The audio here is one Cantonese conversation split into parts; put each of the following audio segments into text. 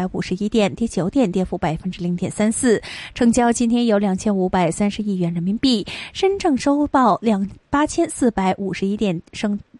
百五十一點跌九點，跌幅百分之零點三四，成交今天有兩千五百三十億元人民幣。深圳收報兩八千四百五十一點升，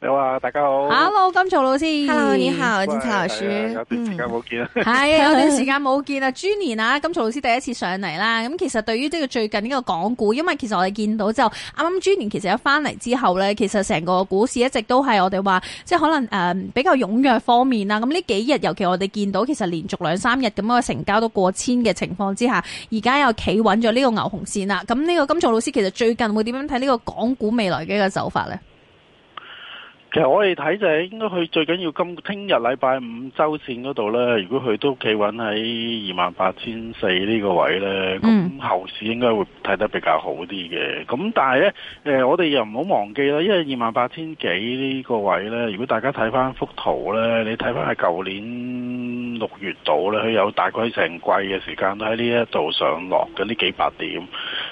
有啊，大家好。Hello，金曹老師。Hello，你好，金曹老師。有段時間冇見啦。係啊，有段時間冇見啦、嗯。豬年啊， 年金曹老師第一次上嚟啦。咁其實對於即個最近呢個港股，因為其實我哋見到之後，啱啱豬年其實一翻嚟之後咧，其實成個股市一直都係我哋話，即係可能誒、呃、比較踴躍方面啦。咁呢幾日，尤其我哋見到，其實連續兩三日咁樣成交都過千嘅情況之下，而家又企穩咗呢個牛熊線啦。咁呢個金曹老師，其實最近會點樣睇呢個港股未來嘅一個手法咧？其實、呃、我哋睇就係應該佢最緊要今聽日禮拜五周線嗰度咧，如果佢都企穩喺二萬八千四呢個位咧，咁後市應該會睇得比較好啲嘅。咁但係咧、呃，我哋又唔好忘記啦，因為二萬八千幾呢個位咧，如果大家睇翻幅圖咧，你睇翻係舊年六月度咧，佢有大概成季嘅時間都喺呢一度上落嘅呢幾百點。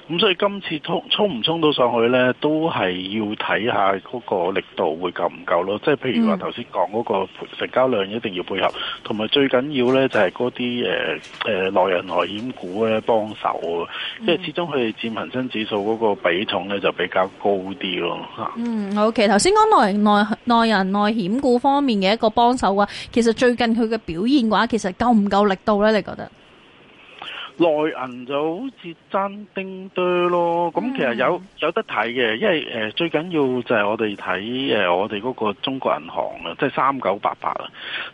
咁所以今次衝衝唔衝到上去咧，都係要睇下嗰個力度會夠唔夠咯。即係譬如話頭先講嗰個成交量一定要配合，同埋、嗯、最緊要咧就係嗰啲誒誒內銀內險股咧幫手，即係、嗯、始終佢哋佔恆生指數嗰個比重咧就比較高啲咯嚇。嗯，ok 頭先講內內內銀內險股方面嘅一個幫手啊，其實最近佢嘅表現嘅話，其實夠唔夠力度咧？你覺得？內銀就好似爭丁堆咯，咁、嗯、其實有有得睇嘅，因為、呃、最緊要就係我哋睇、呃、我哋嗰個中國銀行啊，即係三九八八啊，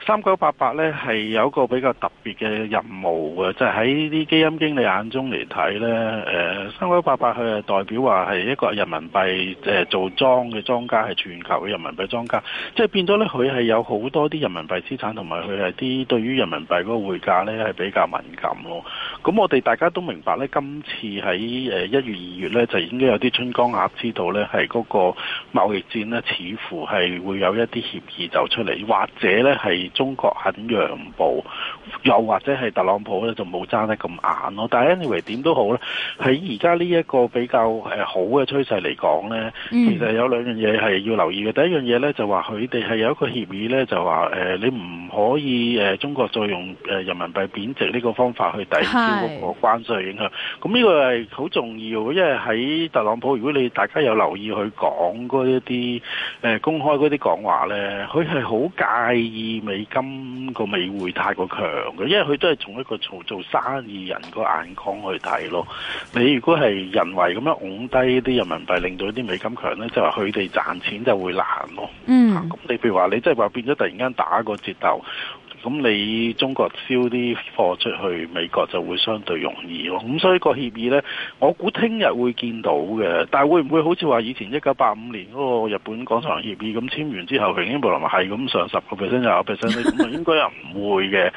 三九八八咧係有一個比較特別嘅任務嘅，即係喺啲基金經理眼中嚟睇咧，誒三九八八佢係代表話係一個人民幣做莊嘅莊家，係全球嘅人民幣莊家，即係變咗咧佢係有好多啲人民幣資產同埋佢係啲對於人民幣嗰個匯價咧係比較敏感咯，嗯咁我哋大家都明白咧，今次喺誒一月二月咧，就應該有啲春光鴨。知道咧，係嗰個貿易戰呢，似乎係會有一啲協議走出嚟，或者咧係中國肯讓步，又或者係特朗普咧就冇爭得咁硬咯。但係 anyway 點都好咧，喺而家呢一個比較誒好嘅趨勢嚟講咧，其實有兩樣嘢係要留意嘅。嗯、第一樣嘢咧就話佢哋係有一個協議咧，就話誒、呃、你唔可以誒中國再用人民幣貶值呢個方法去抵個關稅影響，咁呢個係好重要，因為喺特朗普，如果你大家有留意佢講嗰一啲誒公開嗰啲講話咧，佢係好介意美金個美匯太過強嘅，因為佢都係從一個做做生意人個眼光去睇咯。你如果係人為咁樣拱低啲人民幣，令到啲美金強咧，就係佢哋賺錢就會難咯。嗯、mm. 啊，咁你譬如話，你即係話變咗突然間打個折頭。咁你中國銷啲貨出去美國就會相對容易咯，咁所以個協議呢，我估聽日會見到嘅，但係會唔會好似話以前一九八五年嗰個日本廣場協議咁簽完之後，平英冇林係咁上十個 percent 又十 percent 咁應該又唔會嘅，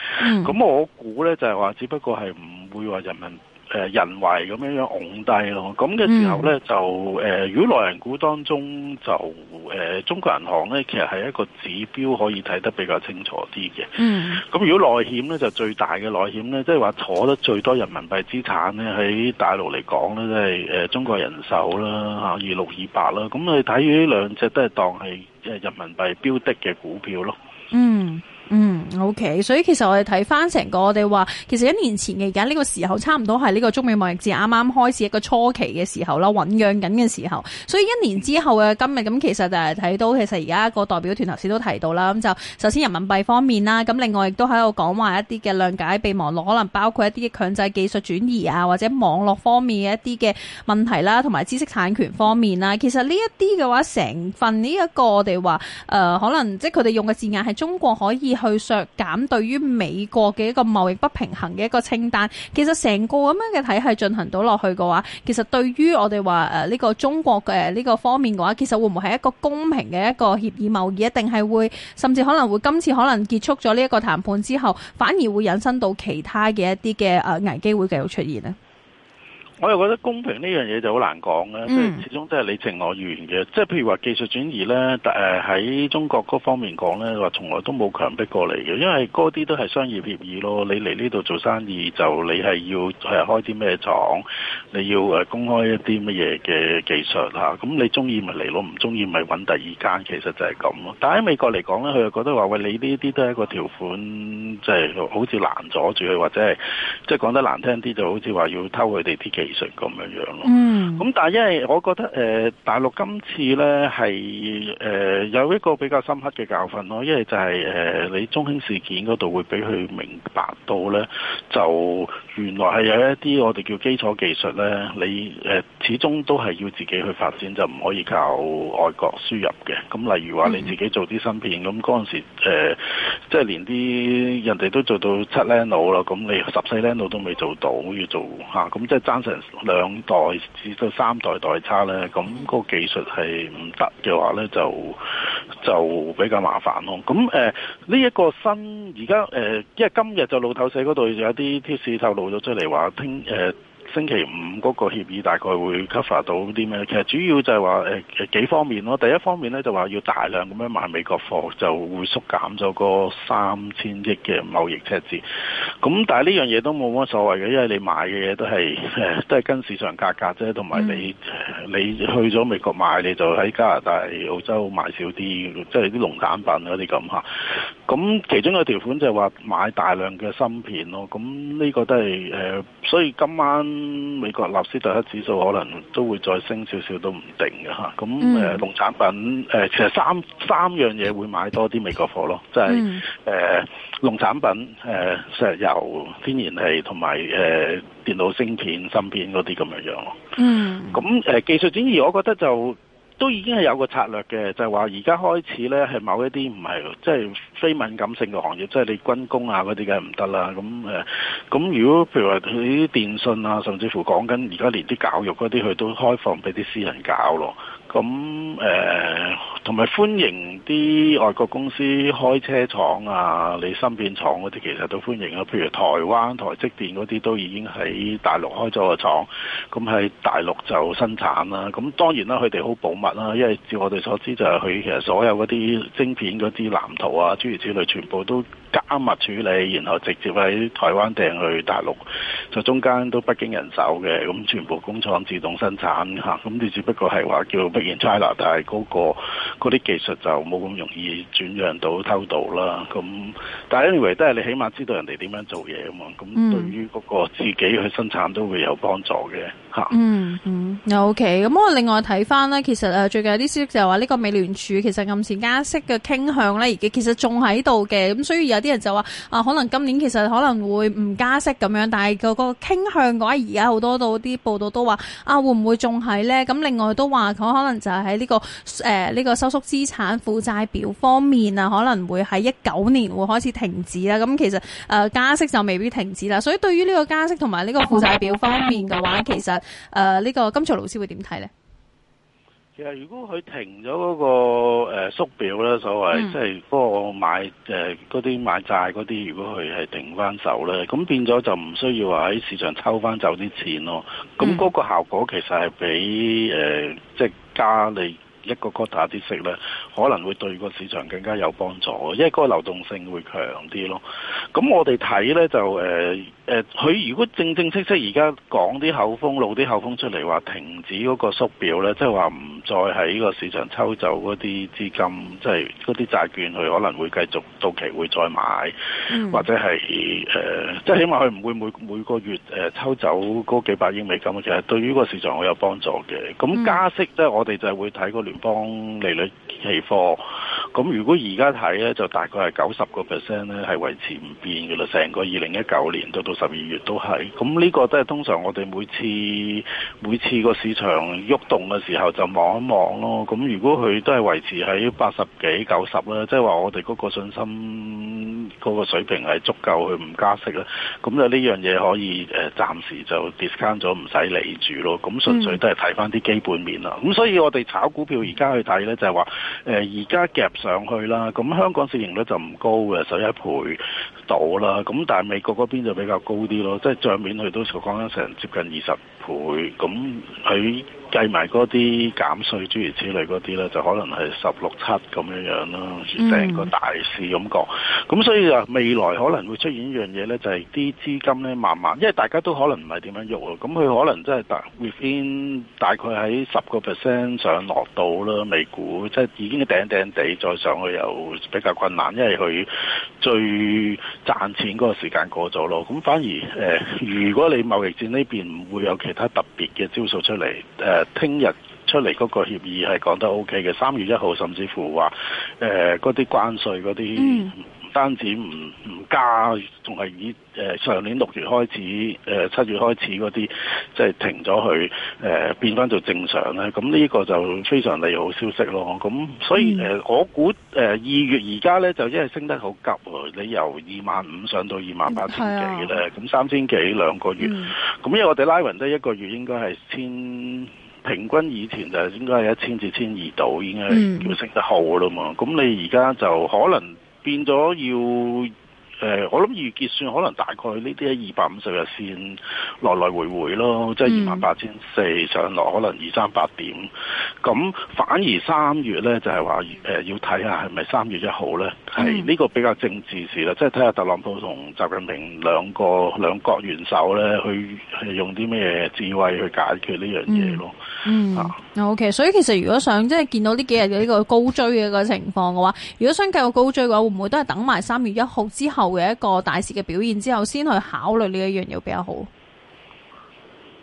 咁 我估呢，就係話，只不過係唔會話人民。誒人為咁樣樣低咯，咁嘅時候咧、嗯、就誒、呃，如果內銀股當中就誒、呃、中國銀行咧，其實係一個指標可以睇得比較清楚啲嘅。嗯，咁如果內險咧就最大嘅內險咧，即係話坐得最多人民幣資產咧喺大陸嚟講咧，即、就、係、是呃、中國人壽啦嚇，二六二八啦，咁、嗯、你睇呢兩隻都係當係人民幣標的嘅股票咯。嗯。嗯，OK，所以其實我哋睇翻成個我哋話，其實一年前嘅而家呢個時候，差唔多係呢個中美貿易戰啱啱開始一個初期嘅時候啦，醞釀緊嘅時候。所以一年之後嘅今日，咁其實就係睇到，其實而家個代表團頭先都提到啦，咁就首先人民幣方面啦，咁另外亦都喺度講話一啲嘅諒解備忘錄，可能包括一啲強制技術轉移啊，或者網絡方面嘅一啲嘅問題啦，同埋知識產權方面啦。其實呢一啲嘅話，成份呢一個我哋話，誒可能即係佢哋用嘅字眼係中國可以。去削減對於美國嘅一個貿易不平衡嘅一個清單，其實成個咁樣嘅體系進行到落去嘅話，其實對於我哋話誒呢個中國嘅呢個方面嘅話，其實會唔會係一個公平嘅一個協議貿易，定係會甚至可能會今次可能結束咗呢一個談判之後，反而會引申到其他嘅一啲嘅誒危機會繼續出現咧？我又覺得公平呢樣嘢就好難講啦，嗯、始終都係你情我願嘅。即係譬如話技術轉移呢，喺中國嗰方面講呢，話從來都冇強迫過嚟嘅，因為嗰啲都係商業協議咯。你嚟呢度做生意就你係要開啲咩廠，你要公開一啲乜嘢嘅技術嚇。咁、啊、你中意咪嚟咯，唔中意咪揾第二間，其實就係咁咯。但喺美國嚟講呢，佢又覺得話喂，你呢啲都係一個條款，即係好似難阻住佢，或者係即係講得難聽啲，就好似話要偷佢哋啲技術咁樣樣咯，咁、嗯、但係因為我覺得誒、呃、大陸今次呢係誒、呃、有一個比較深刻嘅教訓咯，因為就係、是、誒、呃、你中興事件嗰度會俾佢明白到呢，就原來係有一啲我哋叫基礎技術呢，你誒、呃、始終都係要自己去發展，就唔可以靠外國輸入嘅。咁例如話你自己做啲芯片，咁嗰陣時、呃即係連啲人哋都做到七靚佬啦，咁你十四靚佬都未做到要做咁、啊、即係爭成兩代至到三代代差咧，咁個技術係唔得嘅話咧，就就比較麻煩咯。咁誒呢一個新，而家即因為今日就路透社嗰度有啲貼士透露咗出嚟話，呃星期五嗰個協議大概會 cover 到啲咩？其實主要就係話誒幾方面咯。第一方面咧就話要大量咁樣買美國貨，就會縮減咗個三千億嘅貿易赤字。咁但係呢樣嘢都冇乜所謂嘅，因為你買嘅嘢都係都係跟市場價格啫，同埋你你去咗美國買，你就喺加拿大、澳洲買少啲，即係啲農產品嗰啲咁嚇。咁其中一個條款就係話買大量嘅芯片咯，咁呢個都係誒，所以今晚美國納斯達克指數可能都會再升少少都唔定嘅吓。咁誒、嗯呃、農產品誒、呃，其實三三樣嘢會買多啲美國貨咯，即係誒農產品、誒、呃、石油、天然氣同埋誒電腦芯片、芯片嗰啲咁樣樣咯。嗯。咁、呃、誒技術轉移，我覺得就都已經係有個策略嘅，就係話而家開始咧，係某一啲唔係即係非敏感性嘅行業，即、就、係、是、你軍工啊嗰啲嘅唔得啦。咁咁、呃、如果譬如話佢啲電信啊，甚至乎講緊而家連啲教育嗰啲，佢都開放俾啲私人搞咯。咁誒，同埋、呃、歡迎啲外國公司開車廠啊，你芯片廠嗰啲其實都歡迎啊，譬如台灣台積電嗰啲都已經喺大陸開咗個廠，咁喺大陸就生產啦、啊。咁當然啦、啊，佢哋好保密啦，因為照我哋所知就係佢其實所有嗰啲晶片嗰啲藍圖啊，諸如此類，全部都加密處理，然後直接喺台灣訂去大陸，就中間都不經人手嘅，咁全部工廠自動生產嚇，咁你只不過係話叫 make in China，但係嗰、嗰個嗰啲技術就冇咁容易轉讓到偷渡啦。咁但係 anyway 都係你起碼知道人哋點樣做嘢啊嘛，咁對於嗰個自己去生產都會有幫助嘅。嗯嗯，OK。咁我另外睇翻咧，其實誒、啊、最近有啲消息就話呢個美聯儲其實暗線加息嘅傾向咧，而其其實仲喺度嘅。咁所以有啲人就話啊，可能今年其實可能會唔加息咁樣，但係個個傾向嘅話，而家好多到啲報道都話啊，會唔會仲喺咧？咁另外都話佢可能就係喺呢個誒呢、呃呢個收縮資產負債表方面啊，可能會喺一九年會開始停止啦。咁其實誒、啊、加息就未必停止啦。所以對於呢個加息同埋呢個負債表方面嘅話，其實誒、呢、呃，這個金曹老師會點睇咧？其實如果佢停咗嗰、那個誒縮、呃、表咧，所謂、嗯、即係嗰個買誒嗰啲買債嗰啲，如果佢係、呃、停翻手咧，咁變咗就唔需要話喺市場抽翻走啲錢咯。咁嗰個效果其實係比誒、呃、即係加你。一個個打啲息咧，可能會對個市場更加有幫助，因為個流動性會強啲咯。咁我哋睇咧就誒誒，佢、呃呃、如果正正式式而家講啲口風、露啲口風出嚟，話停止嗰個縮表咧，即係話唔再喺個市場抽走嗰啲資金，即係嗰啲債券，佢可能會繼續到期會再買，嗯、或者係誒，即、呃、係、就是、起碼佢唔會每每個月抽走嗰幾百億美金，其實對於個市場好有幫助嘅。咁加息呢，我哋就會睇個聯幫利率期貨。咁如果而家睇咧，就大概係九十個 percent 咧，係維持唔變嘅啦。成個二零一九年到到十二月都係。咁呢個都係通常我哋每次每次個市場喐動嘅時候就看看，就望一望咯。咁如果佢都係維持喺八十幾九十啦，即係話我哋嗰個信心嗰、嗰個水平係足夠去唔加息咧。咁就呢樣嘢可以暫時就 discount 咗，唔使理住咯。咁純粹都係睇翻啲基本面啦。咁所以我哋炒股票而家去睇咧，就係話而家夾。呃上去啦，咁香港市盈率就唔高嘅，十一倍到啦，咁但係美國嗰邊就比較高啲咯，即係賬面去到講緊成接近二十。倍咁佢計埋嗰啲減稅諸如此類嗰啲咧，就可能係十六七咁樣樣啦，成個大市咁講。咁、mm. 所以啊，未來可能會出現一樣嘢咧，就係、是、啲資金咧慢慢，因為大家都可能唔係點樣喐咯。咁佢可能真係大 within 大概喺十個 percent 上落到啦，美股即係、就是、已經頂頂地，再上去又比較困難，因為佢最賺錢嗰個時間過咗咯。咁反而、呃、如果你貿易戰呢邊唔會有其，睇特別嘅招數出嚟，誒、呃，聽日出嚟嗰個協議係講得 OK 嘅，三月一號甚至乎話，誒、呃，嗰啲關稅嗰啲。單止唔唔加，仲係以、呃、上年六月開始七、呃、月開始嗰啲，即、就、係、係、停咗去、呃、變翻做正常。咁呢個就非常利好消息咯。咁所以、嗯呃、我估二、呃、月而家咧就因為升得好急，你由二萬五上到二萬八千幾咧，咁三千幾兩個月。咁、嗯、因為我哋拉勻得一個月應該係千平均，以前就應該係一千至千二度，應該係升得好啦嘛。咁、嗯、你而家就可能。變咗要。呃、我諗預結算可能大概呢啲喺二百五十日線來來回回咯，嗯、即係二萬八千四上落，可能二三百點。咁反而三月咧，就係、是、話、呃、要睇下係咪三月一號咧，係呢、嗯、個比較政治事啦，即係睇下特朗普同習近平兩個兩國元首咧，去用啲咩智慧去解決呢樣嘢咯嗯。嗯，啊、okay, 所以其實如果想即係見到呢幾日嘅呢個高追嘅個情況嘅話， 如果想繼續高追嘅話，會唔會都係等埋三月一號之後？一個大市嘅表現之後，先去考慮呢一樣嘢比較好。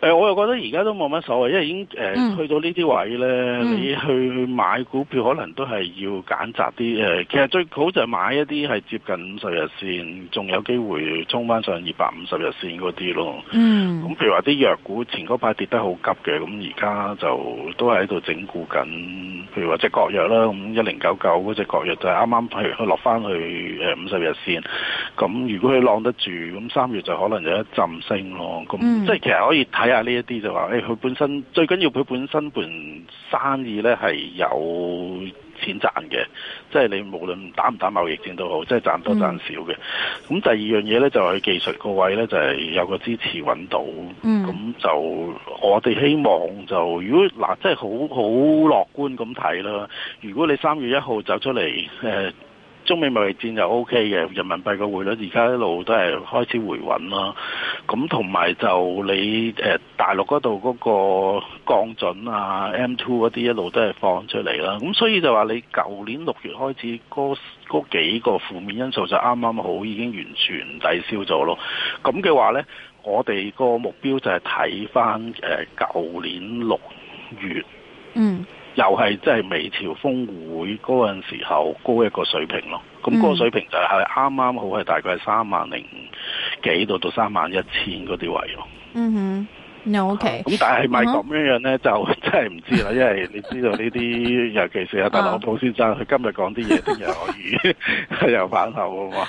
誒，我又覺得而家都冇乜所謂，因為已經誒、呃、去到呢啲位咧，嗯、你去買股票可能都係要揀擇啲誒，其實最好就係買一啲係接近五十日線，仲有機會衝翻上二百五十日線嗰啲咯。嗯，咁譬如話啲藥股前嗰排跌得好急嘅，咁而家就都係喺度整固緊。譬如話隻國藥啦，咁一零九九嗰隻國藥就係啱啱譬如佢落翻去誒五十日線，咁如果佢攬得住，咁三月就可能有一浸升咯。咁、嗯、即係其實可以睇。呢一啲就話，誒、欸、佢本身最緊要佢本身盤生意咧係有錢賺嘅，即係你無論打唔打貿易戰都好，即係賺多賺少嘅。咁、嗯、第二樣嘢咧就係、是、技術個位咧就係、是、有個支持揾到，咁、嗯、就我哋希望就如果嗱，即係好好樂觀咁睇啦。如果你三月一號走出嚟，誒、呃、中美貿易戰就 OK 嘅，人民幣個匯率而家一路都係開始回穩啦。咁同埋就你誒。呃大陸嗰度嗰個降準啊、M2 嗰啲一路都係放出嚟啦，咁所以就話你舊年六月開始嗰嗰幾個負面因素就啱啱好已經完全抵消咗咯。咁嘅話呢，我哋個目標就係睇返誒舊年六月，嗯，又係即係美朝峰會嗰陣時候高一個水平咯。咁嗰個水平就係啱啱好係大概係三萬零幾度到三萬一千嗰啲位咯。嗯哼。又 OK，咁但係咪咁樣樣咧就真係唔知啦，因為你知道呢啲，尤其是阿特朗普先生，佢今日講啲嘢，聽日可以又反頭噶嘛。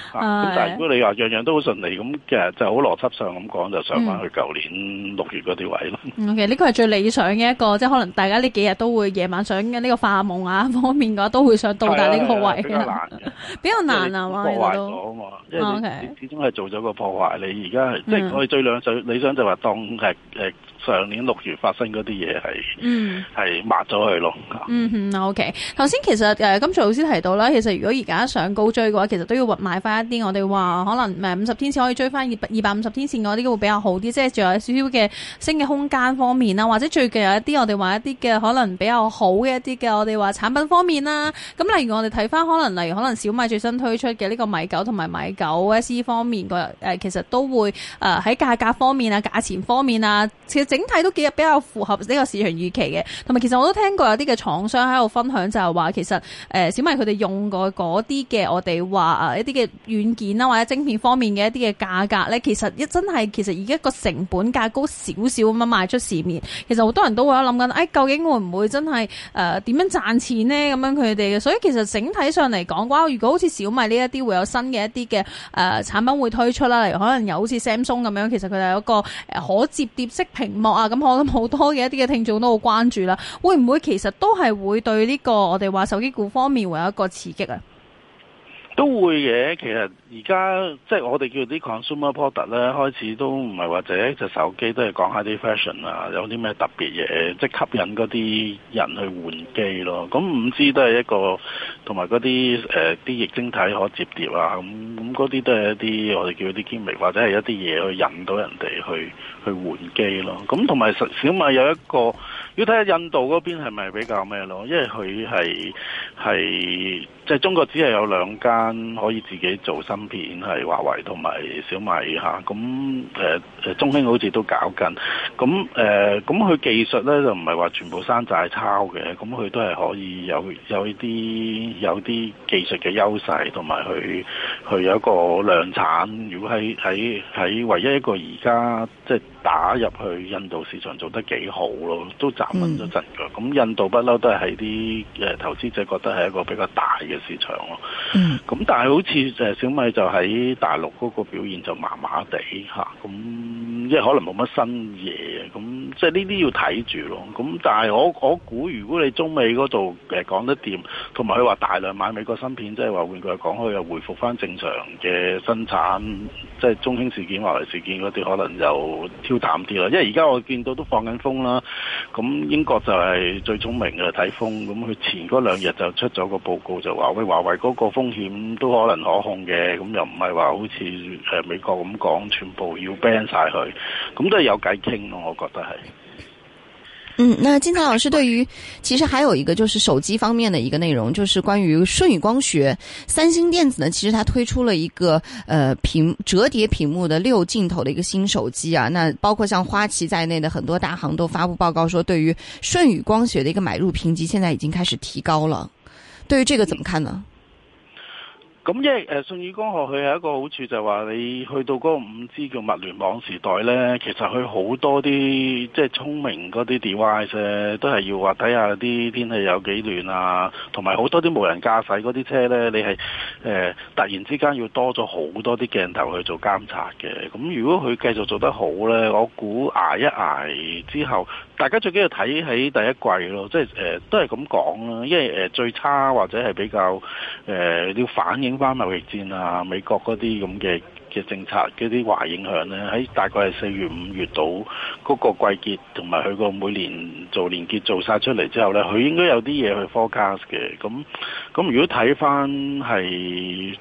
但係如果你話樣樣都好順利咁，其實就好邏輯上咁講，就上翻去舊年六月嗰啲位咯。其實呢個係最理想嘅一個，即係可能大家呢幾日都會夜晚想緊呢個化夢啊方面嘅話，都會想到達呢個位。比較難，比較難啊嘛，都。破壞咗啊嘛，因為始終係做咗個破壞。你而家即係我哋最理想，理想就話當係。上年六月發生嗰啲嘢係，係、嗯、抹咗佢咯。嗯哼，OK 頭先其實誒，金、呃、柱老師提到啦，其實如果而家上高追嘅話，其實都要買翻一啲我哋話可能五十天線可以追翻二百二百五十天線嗰啲會比較好啲，即係仲有少少嘅升嘅空間方面啦，或者最近有一啲我哋話一啲嘅可能比較好嘅一啲嘅我哋話產品方面啦。咁例如我哋睇翻可能例如可能小米最新推出嘅呢個米九同埋米九 S 方面，個其實都會誒喺價格方面啊、價錢方面啊，即係整體都幾比較符合呢個市場預期嘅，同埋其實我都聽過有啲嘅廠商喺度分享，就係話其實誒小米佢哋用過嗰啲嘅我哋話誒一啲嘅軟件啦，或者晶片方面嘅一啲嘅價格呢，其實一真係其實而家個成本價高少少咁樣賣出市面，其實好多人都會有諗緊誒究竟會唔會真係誒點樣賺錢呢？咁樣佢哋嘅，所以其實整體上嚟講，哇！如果好似小米呢一啲會有新嘅一啲嘅誒產品會推出啦，例如可能又好似 Samsung 咁樣，其實佢哋有一個可摺疊式屏。咁、啊、我諗好多嘅一啲嘅聽眾都好關注啦，會唔會其實都係會對呢個我哋話手機股方面會有一個刺激啊？都會嘅，其實而家即係我哋叫啲 consumer product 咧，開始都唔係或者就手機都係講下啲 fashion 啊，有啲咩特別嘢，即係吸引嗰啲人去換機咯。咁五 G 都係一個，同埋嗰啲誒啲液晶體可摺疊啊，咁咁嗰啲都係一啲我哋叫啲 gimmick，或者係一啲嘢去引到人哋去去換機咯。咁同埋小米有一個，要睇下印度嗰邊係咪比較咩咯？因為佢係係。即係中國只係有兩間可以自己做芯片，係華為同埋小米嚇。咁誒誒，中興好似都搞緊。咁誒，咁佢技術咧就唔係話全部山寨抄嘅。咁佢都係可以有有啲有啲技術嘅優勢，同埋佢佢有一個量產。如果喺喺喺唯一一個而家即係。就是打入去印度市場做得幾好咯，都站穩咗陣腳。咁、嗯、印度不嬲都係喺啲投資者覺得係一個比較大嘅市場咯。咁、嗯、但係好似小米就喺大陸嗰個表現就麻麻地吓咁。啊即係可能冇乜新嘢，咁即係呢啲要睇住咯。咁但係我我估，如果你中美嗰度誒講得掂，同埋佢話大量買美國芯片，即係話換句話講佢又回復翻正常嘅生產，即係中興事件、華為事件嗰啲可能就挑淡啲啦。因為而家我見到都放緊風啦，咁英國就係最聰明嘅睇風，咁佢前嗰兩日就出咗個報告就話喂，華為嗰個風險都可能可控嘅，咁又唔係話好似誒美國咁講，全部要 ban 晒佢。咁都係有偈傾咯，我覺得係。嗯，那金曹老師對於其實還有一個就是手機方面的一個內容，就是關於舜宇光學、三星電子呢。其實它推出了一個，呃，屏折疊屏幕的六鏡頭的一個新手機啊。那包括像花旗在內的很多大行都發布報告說，對於舜宇光學的一個買入評級，現在已經開始提高了。對於這個，怎麼看呢？嗯咁即係誒信義光學，佢係一個好處就係話你去到嗰個五 G 嘅物聯網時代咧，其實佢好多啲即係聰明嗰啲 device 都係要話睇下啲天氣有幾暖啊，同埋好多啲無人駕駛嗰啲車咧，你係誒、呃、突然之間要多咗好多啲鏡頭去做監察嘅。咁如果佢繼續做得好咧，我估挨一挨之後大家最緊要睇喺第一季咯，即係誒都係咁講啦。因為誒、呃、最差或者係比較誒、呃、要反映。中美貿易戰啊，美國嗰啲咁嘅嘅政策嗰啲壞影響咧，喺大概係四月五月度嗰個季節，同埋佢個每年做連結做晒出嚟之後咧，佢應該有啲嘢去 forecast 嘅。咁咁的如果睇翻係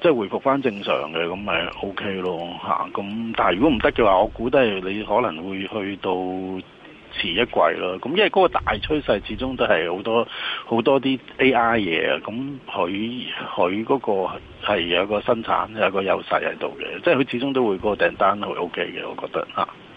即係回復翻正常嘅，咁咪 OK 咯嚇。咁、啊、但係如果唔得嘅話，我估都係你可能會去到。遲一季咯，咁因為嗰個大趨勢始終都係好多好多啲 AI 嘢啊，咁佢佢嗰個係有一個生產有一個優勢喺度嘅，即係佢始終都會嗰個訂單都係 OK 嘅，我覺得嚇。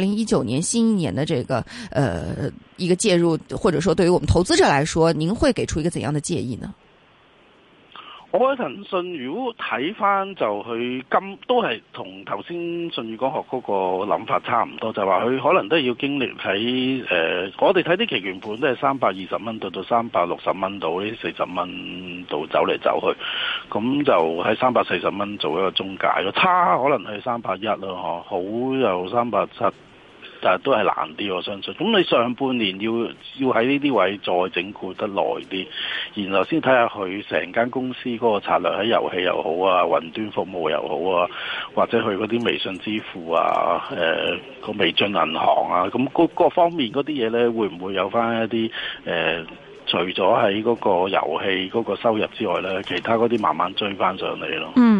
二零一九年新一年的這個，呃，一個介入，或者說對於我們投資者來說，您會給出一個怎樣的建議呢？我喺騰訊，如果睇翻就去今都係同頭先信宇講學嗰個諗法差唔多，就話、是、佢可能都係要經歷喺誒、呃，我哋睇啲期權盤都係三百二十蚊到到三百六十蚊度，呢四十蚊度走嚟走去，咁就喺三百四十蚊做一個中介，個差可能係三百一咯，嗬，好有三百七。但係都係難啲，我相信。咁你上半年要要喺呢啲位再整固得耐啲，然後先睇下佢成間公司嗰個策略喺遊戲又好啊，雲端服務又好啊，或者佢嗰啲微信支付啊，個、呃、微眾銀行啊，咁各方面嗰啲嘢呢，會唔會有翻一啲、呃、除咗喺嗰個遊戲嗰個收入之外呢，其他嗰啲慢慢追翻上嚟咯。嗯。